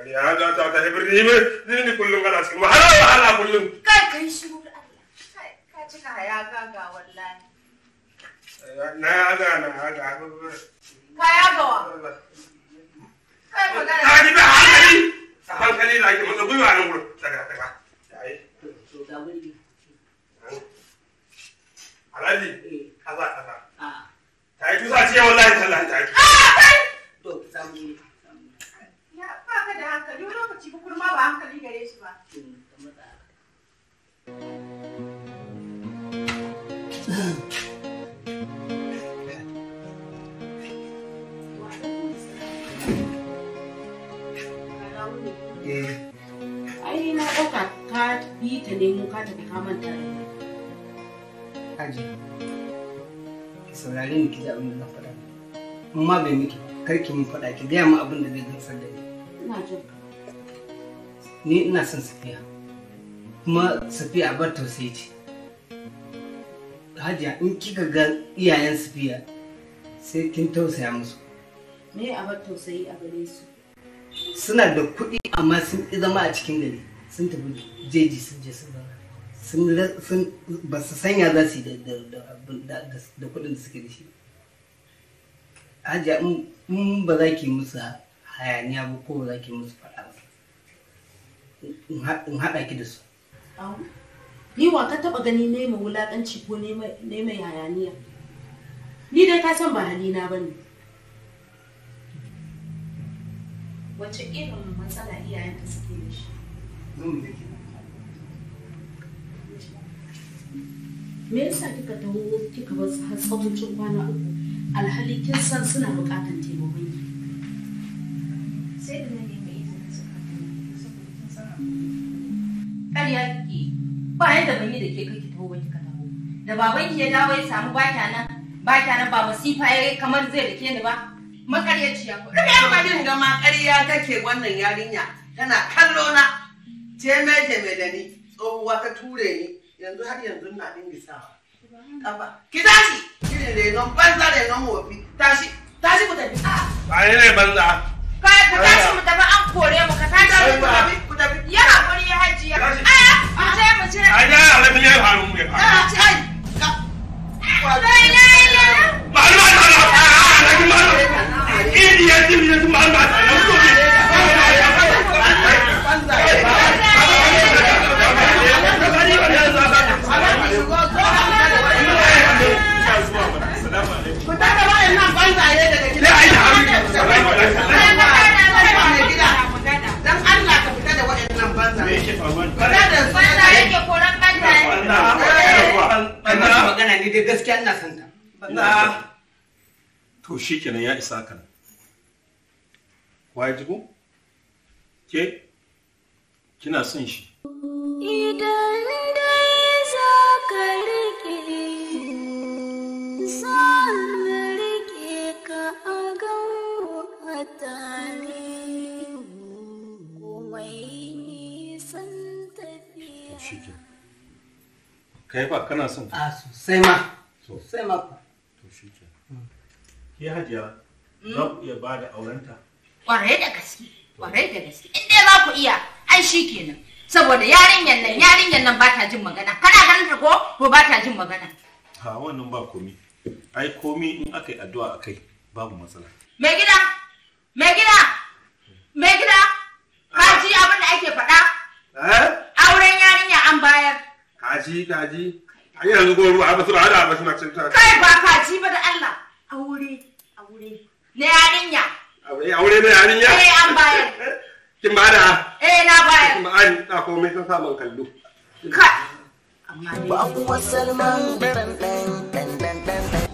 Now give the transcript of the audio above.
kariya za ta ta birni ne ni kullum kana cikin wahala wahala kullum kai kai shi ka cika ya gaga wallahi na ya ga na ya ga ka ya ga wa kai magana ka ji ba hankali a hankali na ke mutsa gwiwa nan gurin daga daga yayi to ga gurbi alhaji eh. kaza kaza ah. ta yi tusa ce wallahi tallahi ta yi Ai na ɗauka ka yi ta nemo ka tafi ka manta da ni. Aji. Ki saurare ni ki da abin da zan faɗa. In ma bai miki kar ki mun faɗa ki gaya min abin da zai gamsar da ni. Ina jin Ni ina son Safiya. Kuma Safiya a bar tausayi ce. hajiya in kika ga iyayen su biya sai kin tausaya musu me a bar tausayi a gare su suna da kuɗi amma sun ƙi zama a cikin gari sun tafi jeji sun je sun zama sun ba su sanya za su yi da kuɗin da suke da shi hajiya in ba za ki musu hayaniya ba ko ba za ki musu faɗa ba in haɗa ki da su ni wa ka taba gani nema wulakanci ko nema hayaniya ni dai ka san ba halina ba ne wace irin matsala ka suke da shi me yasa kika taho kika bar har tsawon kwana uku alhali kin san suna bukatan taimakon ki sai da ne mai izinin su kafin saboda san ba yadda ban yi da ke kai taho wani ka taho da baban ki ya dawo ya samu baka nan baka nan ba masifa ya kamar zai da ke ni ba makaryaciya ko da amma din ga ma take wannan yarinya tana kallo na jeme jeme da ni tsohuwa ta ture ni yanzu har yanzu na din gisawa kafa ki tashi kiri renon banza renon wofi tashi tashi ku tafi a ah! ne banza kai ku tashi mu tafi an kore mu ka tashi mu tafi eh gaskiya ina son ta to shi kenan ya isa kan waye jigo ke kina son shi idan dai za ka rike san rike ka a gawo a tare ke kai ba kana son a sosai ma sai maka to shi ke mm. ke hajiya mm. za ku iya ba da aurenta kwarai da gaske kwarai da gaske in dai za ku iya ai shi kenan saboda yarinyan nan yarinyan nan ba ta jin magana kana ganin ta ko ko ba ta jin magana ha wannan ba komi ai komi in aka yi addu'a a kai babu matsala mai gida mai gida mai gida ka ji abin da ake faɗa eh? auren yarinya an bayar kaji kaji a yanzu ko ruwa ba da ba suna cin ta kai ba ka ji ba da Allah aure aure na yarinya aure na yarinya eh an bayar kin ba da eh na bayar kin ba an da komai sun kallo kai amma ba ku dan dan dan dan